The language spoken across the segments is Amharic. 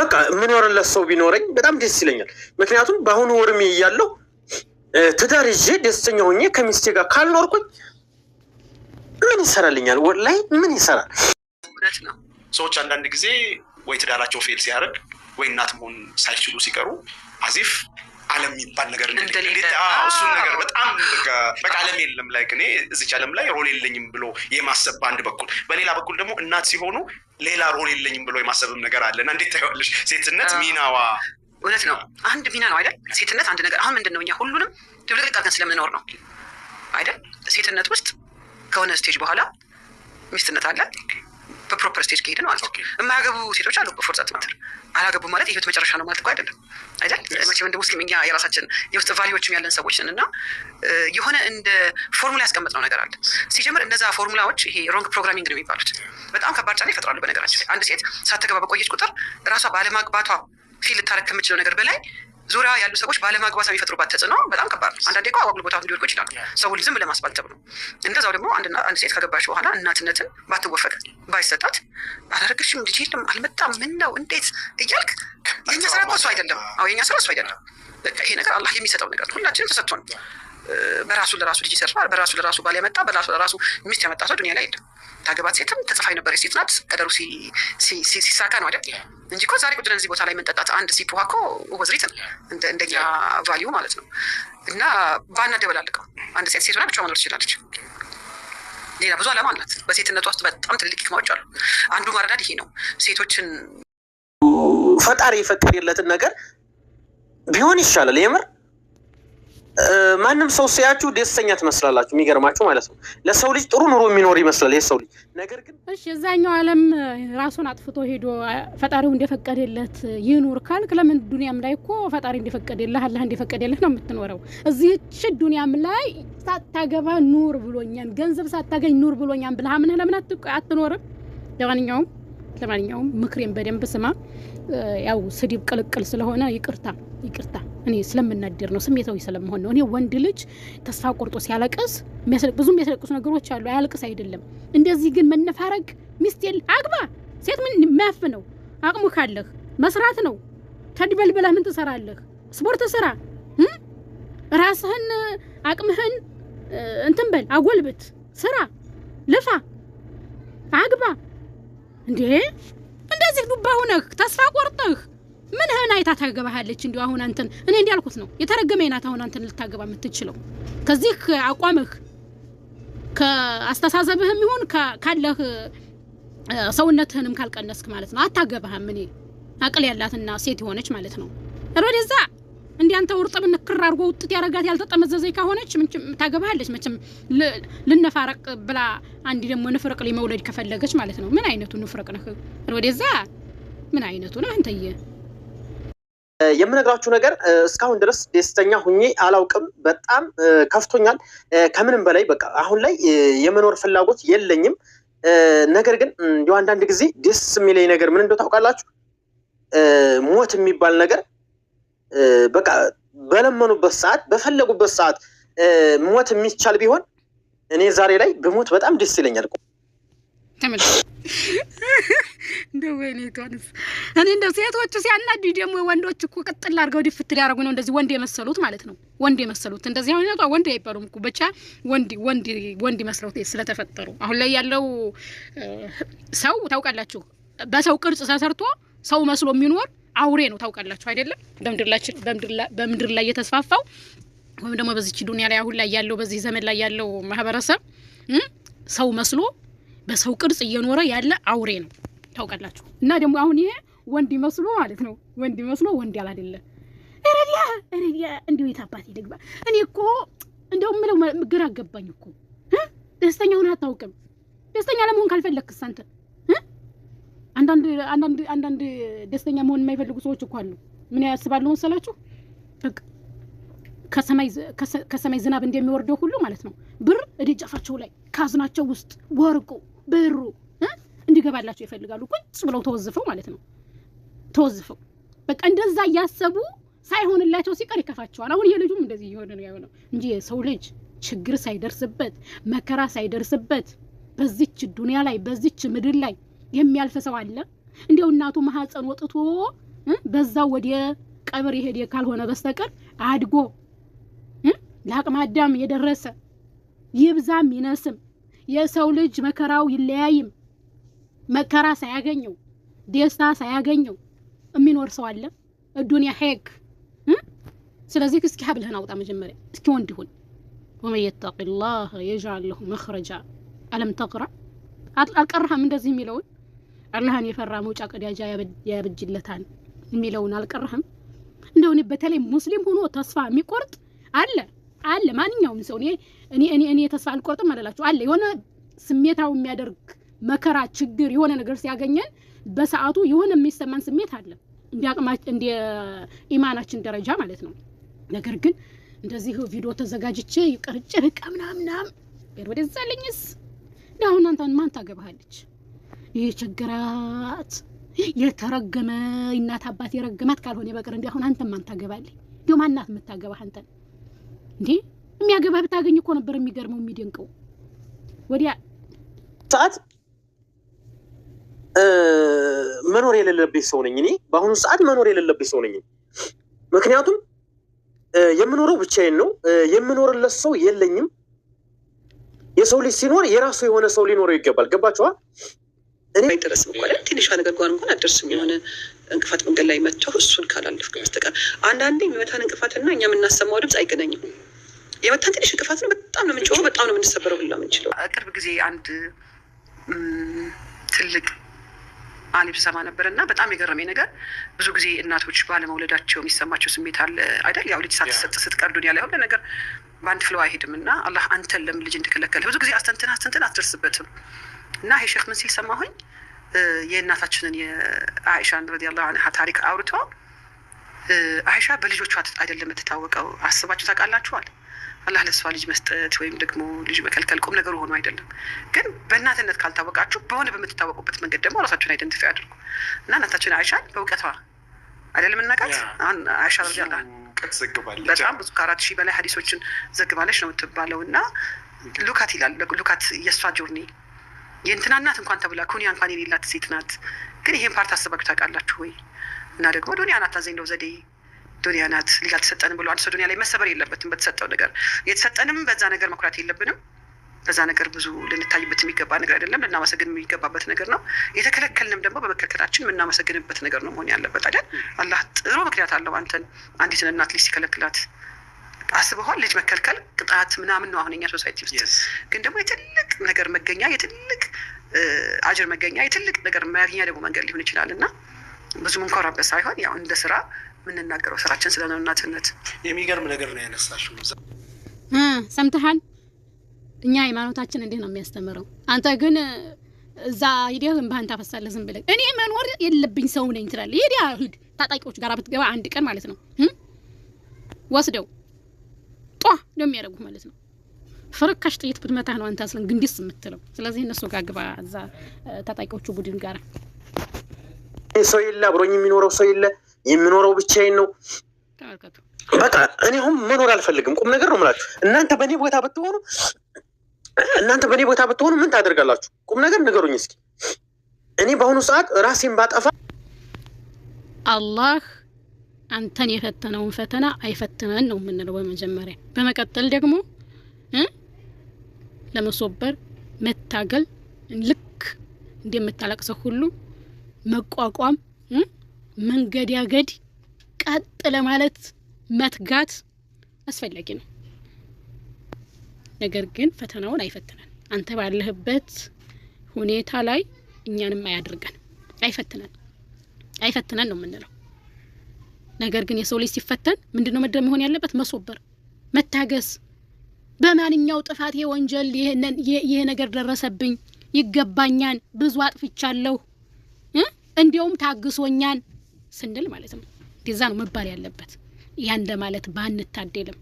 በቃ የምኖርለት ሰው ቢኖረኝ በጣም ደስ ይለኛል። ምክንያቱም በአሁኑ ወርሜ እያለው ትዳር ይዤ ደስተኛ ሆኜ ከሚስቴ ጋር ካልኖርኩኝ ምን ይሰራልኛል? ወላሂ ምን ይሰራል? እውነት ነው። ሰዎች አንዳንድ ጊዜ ወይ ትዳራቸው ፌል ሲያደርግ ወይ እናት መሆን ሳይችሉ ሲቀሩ አዚፍ አለም የሚባል ነገር እንደሌለ በቃ አለም የለም ላይ እኔ እዚች አለም ላይ ሮል የለኝም ብሎ የማሰብ በአንድ በኩል፣ በሌላ በኩል ደግሞ እናት ሲሆኑ ሌላ ሮል የለኝም ብሎ የማሰብም ነገር አለ እና እንዴት ታየዋለሽ? ሴትነት ሚናዋ እውነት ነው። አንድ ሚና ነው አይደል? ሴትነት አንድ ነገር አሁን ምንድን ነው እኛ ሁሉንም ድብልቅልቅ ስለምንኖር ነው አይደል? ሴትነት ውስጥ ከሆነ ስቴጅ በኋላ ሚስትነት አለ በፕሮፐር ስቴጅ ከሄድ ነው ማለት ነው። የማያገቡ ሴቶች አሉ በፎርዛት ማተር አላገቡ ማለት የህይወት መጨረሻ ነው ማለት እኮ አይደለም አይደል? መቼም እንደ ሙስሊም እኛ የራሳችን የውስጥ ቫሊዎችም ያለን ሰዎች ነን እና የሆነ እንደ ፎርሙላ ያስቀመጥነው ነገር አለ። ሲጀምር እነዛ ፎርሙላዎች ይሄ ሮንግ ፕሮግራሚንግ ነው የሚባሉት በጣም ከባድ ጫና ይፈጥራሉ። በነገራችን ላይ አንድ ሴት ሳተገባ በቆየች ቁጥር ራሷ ባለማግባቷ ፊል ልታረግ ከምችለው ነገር በላይ ዙሪያ ያሉ ሰዎች ባለማግባት የሚፈጥሩባት ተጽዕኖ በጣም ከባድ ነው። አንዳንዴ እኮ አጓጉል ቦታ ሊወድቁ ይችላሉ፣ ሰውን ዝም ለማስባል ተብሎ። እንደዛው ደግሞ አንድ ሴት ከገባች በኋላ እናትነትን ባትወፈቅ ባይሰጣት፣ አላረገሽም፣ ልጅ የለም፣ አልመጣም፣ ምን ነው እንዴት እያልክ የኛ ስራ እሱ አይደለም። አዎ የኛ ስራ እሱ አይደለም። ይሄ ነገር አላህ የሚሰጠው ነገር ሁላችንም ተሰጥቶን በራሱ ለራሱ ልጅ ይሰራ በራሱ ለራሱ ባል ያመጣ በራሱ ለራሱ ሚስት ያመጣ ሰው ዱኒያ ላይ የለም። ታገባት ሴትም ተጽፋ የነበረች ሴት ናት። ቀደሩ ሲሳካ ነው አይደል? እንጂ እኮ ዛሬ ቁጭ ብለን እዚህ ቦታ ላይ የምንጠጣት አንድ ሲፕ ውሃ እኮ ወዝሪት እንደኛ ቫሊዩ ማለት ነው። እና ባናደበላልቀው አንድ ሴት ሴት ሆና ብቻ መኖር ትችላለች። ሌላ ብዙ ዓላማ አላት። በሴትነቷ ውስጥ በጣም ትልቅ ክማዎች አሉ። አንዱ መረዳድ ይሄ ነው። ሴቶችን ፈጣሪ የፈቀደለትን ነገር ቢሆን ይሻላል የምር ማንም ሰው ሲያችሁ ደስተኛ ትመስላላችሁ። የሚገርማችሁ ማለት ነው ለሰው ልጅ ጥሩ ኑሮ የሚኖር ይመስላል ይህ ሰው ልጅ። ነገር ግን እሺ እዛኛው ዓለም ራሱን አጥፍቶ ሄዶ ፈጣሪው እንደፈቀደለት ይኑር ካልክ ለምን ዱኒያም ላይ እኮ ፈጣሪ እንደፈቀደልህ አላህ እንደፈቀደልህ ነው የምትኖረው። እዚህች ዱኒያም ላይ ሳታገባ ኑር ብሎኛን፣ ገንዘብ ሳታገኝ ኑር ብሎኛን ብለህ አምነህ ለምን አትኖርም? ለማንኛውም ለማንኛውም ምክሬን በደንብ ስማ። ያው ስድብ ቅልቅል ስለሆነ ይቅርታ ይቅርታ እኔ ስለምናደር ነው፣ ስሜታዊ ስለመሆን ነው። እኔ ወንድ ልጅ ተስፋ ቆርጦ ሲያለቅስ ብዙ የሚያስለቅሱ ነገሮች አሉ፣ አያልቅስ አይደለም። እንደዚህ ግን መነፋረግ ሚስቴል አግባ፣ ሴት ምን የሚያፍ ነው? አቅሙ ካለህ መስራት ነው። ተድበልበላ ምን ትሰራለህ? ስፖርት ስራ፣ ራስህን አቅምህን እንትን በል አጎልብት፣ ስራ፣ ልፋ፣ አግባ። እንዴ እንደዚህ ዱባ ሁነህ ተስፋ ቆርጠህ ምንህን አይታ ታገባሃለች? እንዲሁ አሁን አንተን እኔ እንዲያልኩት ነው የተረገመ ናት። አሁን አንተን ልታገባ የምትችለው ከዚህ አቋምህ ከአስተሳሰብህም ይሁን ካለህ ሰውነትህንም ካልቀነስክ ማለት ነው አታገባህም። እኔ አቅል ያላትና ሴት የሆነች ማለት ነው ወደዛ እንዲህ አንተ ውርጥብ ንክር አድርጎ ውጥት ያደረጋት ያልተጠመዘዘኝ ከሆነች ታገባሃለች። መቼም ልነፋረቅ ብላ አንድ ደግሞ ንፍርቅ መውለድ ከፈለገች ማለት ነው። ምን አይነቱ ንፍርቅ ነህ? ወደዛ ምን አይነቱ ነህ አንተዬ? የምነግራችሁ ነገር እስካሁን ድረስ ደስተኛ ሁኜ አላውቅም። በጣም ከፍቶኛል። ከምንም በላይ በቃ አሁን ላይ የመኖር ፍላጎት የለኝም። ነገር ግን እንዲ አንዳንድ ጊዜ ደስ የሚለኝ ነገር ምን እንደው ታውቃላችሁ? ሞት የሚባል ነገር በቃ በለመኑበት ሰዓት፣ በፈለጉበት ሰዓት ሞት የሚቻል ቢሆን እኔ ዛሬ ላይ በሞት በጣም ደስ ይለኛል። እንደው ወይኔቷንስ እኔ እንደው ሴቶቹ ሲያናዱ ደግሞ ወንዶች እኮ ቅጥል አድርገው ድፍት ሊያደርጉ ነው። እንደዚህ ወንድ የመሰሉት ማለት ነው። ወንድ የመሰሉት እንደዚህ አይነቷ ወንድ አይባሉም እኮ ብቻ ወንድ ወንድ ወንድ መስለው ስለተፈጠሩ አሁን ላይ ያለው ሰው ታውቃላችሁ፣ በሰው ቅርጽ ተሰርቶ ሰው መስሎ የሚኖር አውሬ ነው። ታውቃላችሁ አይደለም? በምድርላችን በምድር ላይ የተስፋፋው ወይም ደግሞ በዚች ዱንያ ላይ አሁን ላይ ያለው በዚህ ዘመን ላይ ያለው ማህበረሰብ ሰው መስሎ በሰው ቅርጽ እየኖረ ያለ አውሬ ነው ታውቃላችሁ። እና ደግሞ አሁን ይሄ ወንድ ይመስሎ ማለት ነው ወንድ ይመስሎ ወንድ ያላደለ ረዲያ ረዲያ እንዲሁ የት አባቴ እኔ እኮ እንደው ምለው ግራ አገባኝ እኮ ደስተኛ ሆነ አታውቅም። ደስተኛ ለመሆን ካልፈለግክስ አንተ አንዳንድ አንዳንድ ደስተኛ መሆን የማይፈልጉ ሰዎች እኮ አሉ። ምን ያስባሉ መሰላችሁ? ከሰማይ ዝናብ እንደሚወርደው ሁሉ ማለት ነው ብር እደጃፋቸው ላይ ካዝናቸው ውስጥ ወርቁ ብሩ እንዲገባላቸው ይፈልጋሉ። ቁጭ ብለው ተወዝፈው ማለት ነው። ተወዝፈው በቃ እንደዛ እያሰቡ ሳይሆንላቸው ሲቀር ይከፋቸዋል። አሁን የልጁም እንደዚህ እየሆነ ነው ያሆነው እንጂ የሰው ልጅ ችግር ሳይደርስበት መከራ ሳይደርስበት በዚች ዱንያ ላይ በዚች ምድር ላይ የሚያልፍ ሰው አለ? እንዲያው እናቱ ማህፀን ወጥቶ በዛው ወደ ቀብር የሄደ ካልሆነ በስተቀር አድጎ ለአቅመ አዳም የደረሰ ይብዛም ይነስም የሰው ልጅ መከራው ይለያይም። መከራ ሳያገኘው ደስታ ሳያገኘው የሚኖር ሰው አለ። እዱንያ ሄግ ስለዚህ እስኪ ሀብልህን አውጣ መጀመሪያ እስኪ ወንድ ሁን። ወመን የተቂ ላህ የጅዓል ለሁ መኽረጃ አለም ተቅራ አልቀራህም እንደዚህ የሚለውን አላህን የፈራ መውጫ ቀዳጃ ያበጅለታል የሚለውን አልቀረህም እንደሆነ በተለይ ሙስሊም ሆኖ ተስፋ የሚቆርጥ አለ። አለ። ማንኛውም ሰው እኔ እኔ እኔ እኔ ተስፋ አልቆርጥም አላላችሁ አለ። የሆነ ስሜታው የሚያደርግ መከራ፣ ችግር፣ የሆነ ነገር ሲያገኘን በሰዓቱ የሆነ የሚሰማን ስሜት አለ፣ እንደ አቅማችን እንደ ኢማናችን ደረጃ ማለት ነው። ነገር ግን እንደዚህ ቪዲዮ ተዘጋጅቼ ቀርጬ በቃ ምናምናም ወደ ዛለኝስ አሁን አንተን ማን ታገባሃለች? ይህ ችግራት የተረገመ እናት አባት የረገማት ካልሆነ በቀር እንዲ አሁን አንተን ማን ታገባለህ? እንዲሁም አናት የምታገባህ አንተን እንዴ የሚያገባ ብታገኝ እኮ ነበር የሚገርመው የሚደንቀው። ወዲያ ሰዓት መኖር የሌለብኝ ሰው ነኝ እኔ። በአሁኑ ሰዓት መኖር የሌለብኝ ሰው ነኝ። ምክንያቱም የምኖረው ብቻዬን ነው። የምኖርለት ሰው የለኝም። የሰው ልጅ ሲኖር የራሱ የሆነ ሰው ሊኖረው ይገባል። ገባችኋል? እኔ አይደረስም እኮ አይደል? ትንሿ ነገር ጋር እንኳን አደርስም። የሆነ እንቅፋት መንገድ ላይ መጥቶ እሱን ካላለፍክ በስተቀር አንዳንዴ የሚመታን እንቅፋትና እኛ የምናሰማው ድምፅ አይገናኝም። የመታን ትንሽ እንቅፋት ነው። በጣም ነው የምንጮኸው፣ በጣም ነው የምንሰበረው ብላ የምንችለው። ቅርብ ጊዜ አንድ ትልቅ አሊብ ሰማ ነበር እና በጣም የገረመኝ ነገር ብዙ ጊዜ እናቶች ባለመውለዳቸው የሚሰማቸው ስሜት አለ አይደል? ያው ልጅ ሳትሰጥ ዱኒያ ላይ ሁሉ ነገር በአንድ ፍለው አይሄድም እና አላህ አንተን ለምን ልጅ እንደከለከለ ብዙ ጊዜ አስተንትን አስተንትን አትደርስበትም እና ይሄ ሼክ ምን ሲል ሰማሁኝ? የእናታችንን የአይሻን ረዲየላሁ አንሃ ታሪክ አውርቶ አይሻ በልጆቿ አይደለም የምትታወቀው፣ አስባችሁ ታውቃላችኋል። አላህ ለእሷ ልጅ መስጠት ወይም ደግሞ ልጅ መከልከል ቁም ነገሩ ሆኖ አይደለም። ግን በእናትነት ካልታወቃችሁ በሆነ በምትታወቁበት መንገድ ደግሞ ራሳችሁን አይደንቲፋይ አድርጉ እና እናታችን አይሻን በእውቀቷ አይደለም እናቃት አሁን አይሻ ረዲየላሁ በጣም ብዙ ከአራት ሺህ በላይ ሀዲሶችን ዘግባለች ነው የምትባለው እና ሉካት ይላል ሉካት የእሷ ጆርኒ የእንትና እናት እንኳን ተብላ ኩኒያ እንኳን የሌላት ሴት ናት። ግን ይሄን ፓርት አስባችሁ ታውቃላችሁ ወይ? እና ደግሞ ዱኒያ ናት ታዘኝ እንደው ዘዴ ዱኒያ ናት ልጅ አልተሰጠንም ብሎ አንድ ሰው ዱኒያ ላይ መሰበር የለበትም። በተሰጠው ነገር የተሰጠንም በዛ ነገር መኩራት የለብንም። በዛ ነገር ብዙ ልንታይበት የሚገባ ነገር አይደለም። ልናመሰግን የሚገባበት ነገር ነው። የተከለከልንም ደግሞ በመከልከላችን የምናመሰግንበት ነገር ነው መሆን ያለበት አይደል? አላህ ጥሩ ምክንያት አለው። አንተን አንዲትን እናት ልጅ ሲከለክላት አስበኋል። ልጅ መከልከል ቅጣት ምናምን ነው አሁን የኛ ሶሳይቲ ውስጥ ግን ደግሞ የትልቅ ነገር መገኛ የትልቅ አጅር መገኛ የትልቅ ነገር ማግኛ ደግሞ መንገድ ሊሆን ይችላል እና ብዙ ምንኮራበት ሳይሆን ያው እንደ ስራ የምንናገረው ስራችን ስለ እናትነት የሚገርም ነገር ነው ያነሳሽው። ሰምተሃል? እኛ ሃይማኖታችን እንዲህ ነው የሚያስተምረው። አንተ ግን እዛ ሂደህ እንባህን ታፈሳለህ ዝም ብለህ። እኔ መኖር የለብኝ ሰው ነኝ ትላለህ። ሂድ ሂድ ታጣቂዎች ጋር ብትገባ አንድ ቀን ማለት ነው ወስደው ጧ ነው የሚያደርጉ ማለት ነው። ፈረካሽ ጥይት ብትመታህ ነው አንተ ስለ ግንዲስ የምትለው። ስለዚህ እነሱ ጋር ግባ፣ እዛ ታጣቂዎቹ ቡድን ጋር ሰው የለ፣ አብሮኝ የሚኖረው ሰው የለ፣ የሚኖረው ብቻዬን ነው። በቃ እኔ አሁን መኖር አልፈልግም። ቁም ነገር ነው የምላችሁ። እናንተ በእኔ ቦታ ብትሆኑ እናንተ በእኔ ቦታ ብትሆኑ ምን ታደርጋላችሁ? ቁም ነገር ንገሩኝ እስኪ። እኔ በአሁኑ ሰዓት ራሴን ባጠፋ አላህ አንተን የፈተነውን ፈተና አይፈትነን ነው የምንለው በመጀመሪያ። በመቀጠል ደግሞ ለመሶበር መታገል ልክ እንደምታለቅሰው ሁሉ መቋቋም፣ መንገድ ያገድ ቀጥ ለማለት መትጋት አስፈላጊ ነው። ነገር ግን ፈተናውን አይፈትነን። አንተ ባለህበት ሁኔታ ላይ እኛንም አያድርገን። አይፈትነን አይፈትነን ነው የምንለው። ነገር ግን የሰው ልጅ ሲፈተን ምንድን ነው መሆን ያለበት? መስወበር፣ መታገስ በማንኛው ጥፋት ወንጀል ይሄ ነገር ደረሰብኝ ይገባኛል፣ ብዙ አጥፍቻለሁ፣ እንዲያውም ታግሶኛል ስንል ማለት ነው። እንደዛ ነው መባል ያለበት። ያ ያን ለማለት ባንታደልም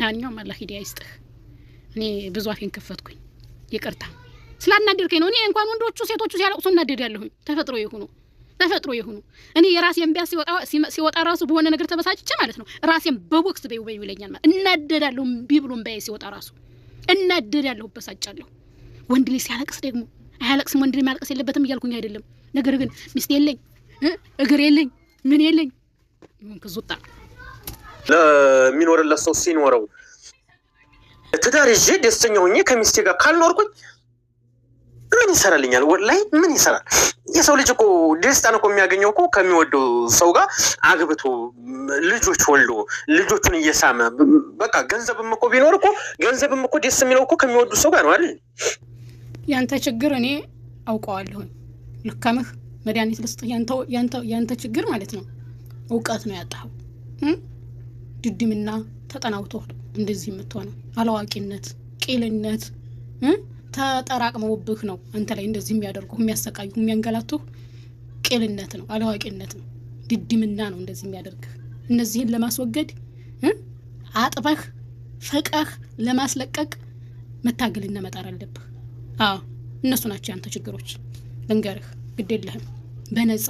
ያኛውም አላህ ሂዳያ ይስጥህ። እኔ ብዙ አፌን ከፈትኩኝ፣ ይቅርታ ስላናደድከኝ ነው። እኔ እንኳን ወንዶቹ ሴቶቹ ሲያለቅሱ እናደድ ያለሁኝ ተፈጥሮ የሆኑ ተፈጥሮ የሆኑ እኔ የራሴን ቢያስ ሲወጣ ራሱ በሆነ ነገር ተበሳጭቼ ማለት ነው ራሴን በቦክስ በይ በዩ ይለኛል ማለት እናደዳለሁ። እምቢ ብሎ እምቢዬ ሲወጣ ራሱ እናደዳለሁ፣ በሳጫለሁ። ወንድ ልጅ ሲያለቅስ ደግሞ አያለቅስም፣ ወንድ ልጅ ማለቅስ የለበትም እያልኩኝ አይደለም። ነገር ግን ሚስት የለኝ እግር የለኝ ምን የለኝ ክዙጣ ለሚኖርለት ሰው ሲኖረው ትዳር ይዤ ደስተኛ ሆኜ ከሚስቴ ጋር ካልኖርኩኝ ምን ይሰራልኛል? ወላሂ ምን ይሰራል? የሰው ልጅ እኮ ደስታን እኮ የሚያገኘው እኮ ከሚወደው ሰው ጋር አግብቶ ልጆች ወልዶ ልጆቹን እየሳመ በቃ ገንዘብም እኮ ቢኖር እኮ ገንዘብም እኮ ደስ የሚለው እኮ ከሚወዱ ሰው ጋር ነው አይደል? ያንተ ችግር እኔ አውቀዋለሁኝ። ልካምህ መድኃኒት ልስጥህ። ያንተ ችግር ማለት ነው እውቀት ነው ያጣኸው። ድድምና ተጠናውቶ እንደዚህ የምትሆነው አላዋቂነት፣ ቂልነት ተጠራቅመውብህ ነው አንተ ላይ እንደዚህ የሚያደርጉ የሚያሰቃዩ የሚያንገላቱ ቅልነት ነው፣ አለዋቂነት ነው፣ ድድምና ነው እንደዚህ የሚያደርግህ። እነዚህን ለማስወገድ አጥበህ ፈቀህ ለማስለቀቅ መታገልና መጣር አለብህ። አዎ እነሱ ናቸው ያንተ ችግሮች። ልንገርህ፣ ግድ የለህም በነጻ